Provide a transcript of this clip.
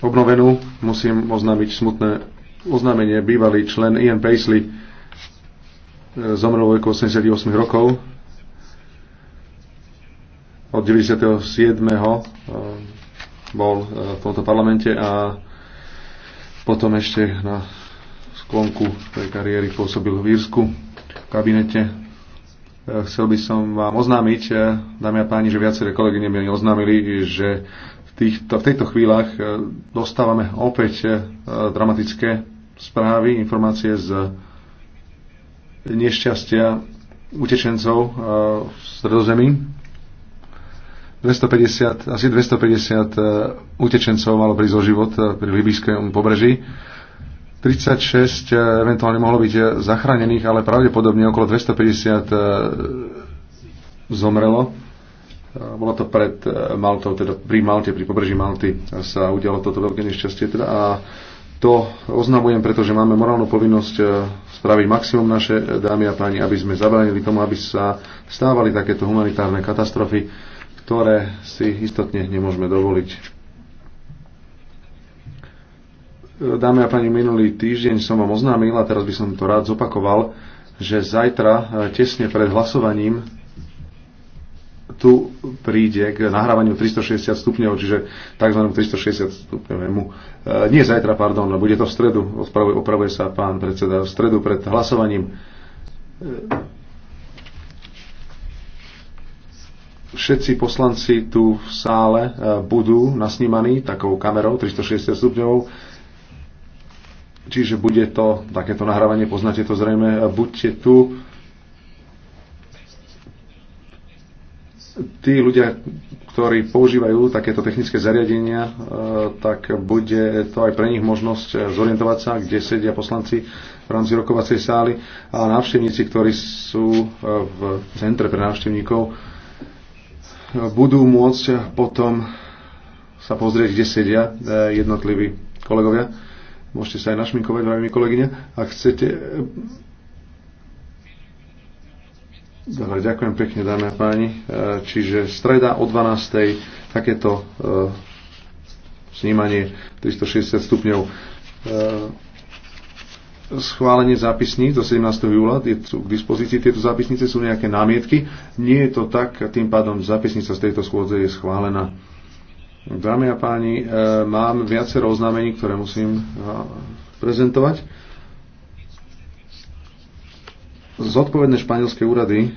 obnovenú, musím oznámiť smutné oznámenie. Bývalý člen Ian Paisley e, zomrel vo veku 88 rokov. Od 97. E, bol e, v tomto parlamente a potom ešte na sklonku tej kariéry pôsobil v Írsku v kabinete. Chcel by som vám oznámiť, dámy a páni, že viaceré kolegy mi oznámili, že týchto, v týchto chvíľach e, dostávame opäť e, dramatické správy, informácie z nešťastia utečencov e, v Stredozemí. 250, asi 250 utečencov malo prísť o život pri libijskom pobreží. 36 eventuálne mohlo byť zachránených, ale pravdepodobne okolo 250 zomrelo bolo to pred e, Maltou, teda pri Malte, pri pobreží Malty sa udialo toto veľké nešťastie. Teda a to oznamujem, pretože máme morálnu povinnosť e, spraviť maximum naše e, dámy a páni, aby sme zabránili tomu, aby sa stávali takéto humanitárne katastrofy, ktoré si istotne nemôžeme dovoliť. Dámy a páni, minulý týždeň som vám oznámil a teraz by som to rád zopakoval, že zajtra, tesne pred hlasovaním tu príde k nahrávaniu 360 stupňov, čiže tzv. 360 stupňovému. E, nie zajtra, pardon, bude to v stredu, opravuje, opravuje sa pán predseda, v stredu pred hlasovaním. E, všetci poslanci tu v sále e, budú nasnímaní takou kamerou 360 stupňov, čiže bude to takéto nahrávanie, poznáte to zrejme, buďte tu tí ľudia, ktorí používajú takéto technické zariadenia, e, tak bude to aj pre nich možnosť e, zorientovať sa, kde sedia poslanci v rámci rokovacej sály a návštevníci, ktorí sú e, v centre pre návštevníkov, budú môcť potom sa pozrieť, kde sedia jednotliví kolegovia. Môžete sa aj našminkovať, vrajmi kolegyne, ak chcete. Dobre, ďakujem pekne, dámy a páni. E, čiže streda o 12. takéto e, snímanie 360 stupňov e, schválenie zápisníc do 17. júla, tu k dispozícii tieto zápisnice, sú nejaké námietky. Nie je to tak, tým pádom zápisnica z tejto schôdze je schválená. Dámy a páni, mám viacero oznámení, ktoré musím prezentovať. Zodpovedné španielské úrady